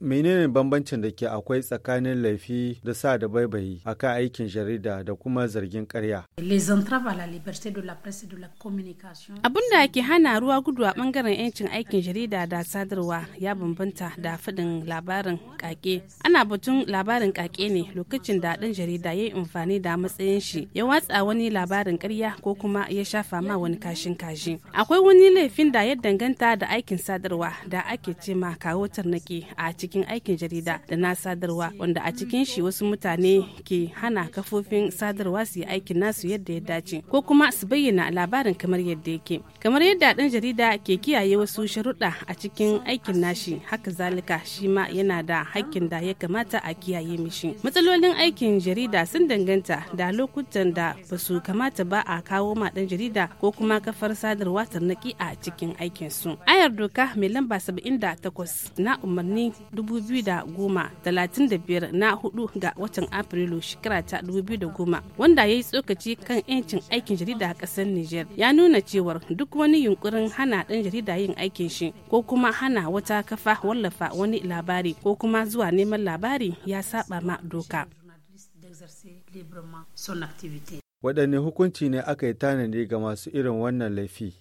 Menene bambancin da ke akwai tsakanin laifi da sa da baibayi a kan aikin jarida da kuma zargin karya? Abin da ke hana ruwa gudu a bangaren 'yancin aikin jarida da sadarwa ya bambanta da faɗin labarin kake. Ana batun labarin kake ne lokacin da dan jarida ya yi amfani da matsayin shi ya watsa wani labarin karya ko kuma ya shafa ma wani kashin kashi. Akwai wani laifin da ya danganta da aikin sadarwa da ake ce ma kawo tarnaki a cikin cikin aikin jarida da na sadarwa wanda a cikin shi wasu mutane ke hana kafofin sadarwa su yi aikin nasu yadda ya dace ko kuma su bayyana labarin kamar yadda yake kamar yadda dan jarida ke kiyaye wasu sharuɗa a cikin aikin nashi haka zalika shi ma yana da hakkin da ya kamata a kiyaye mishi matsalolin aikin jarida sun danganta da lokutan da ba su kamata ba a kawo ma dan jarida ko kuma kafar sadarwa tarnaki a cikin aikinsu ayar doka mai lamba 78 na umarni da biyar na 4 ga watan Afrilu shekara ta 2010 wanda ya yi tsokaci kan 'yancin aikin jarida a ƙasar Nijar ya nuna cewar duk wani yunkurin hana ɗan jarida yin aikin shi ko kuma hana wata kafa wallafa wani labari ko kuma zuwa neman labari ya saba ma doka. waɗanne hukunci ne aka yi tanadi ga masu irin wannan laifi.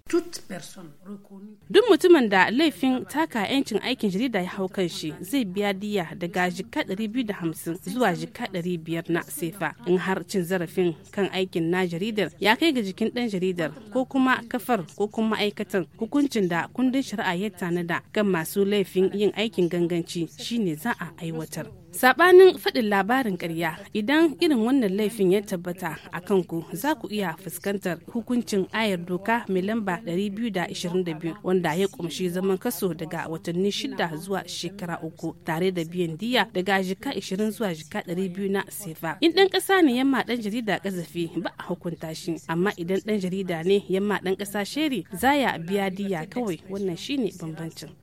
Duk mutumin da laifin taka 'yancin aikin jarida ya hau kan shi zai biya diya daga jika 250 zuwa jika 500 na sefa in har cin zarafin kan aikin na jaridar ya kai ga jikin ɗan jaridar ko kuma kafar ko kuma ma'aikatan hukuncin da kundin shari'a ya tanada kan masu laifin yin aikin ganganci shine za a aiwatar. Sabanin faɗin labarin karya idan irin wannan laifin ya tabbata akan ku za ku iya fuskantar hukuncin ayar doka mai lamba 222 wanda ya kumshi zaman kaso daga watanni shida zuwa shekara uku tare da biyan diya daga jika 20 zuwa jika 200 na sefa in dan kasa ne yamma dan jarida kazafi ba a hukunta shi amma idan dan jarida ne yamma dan kasa sheri za ya biya diya kawai wannan shine bambancin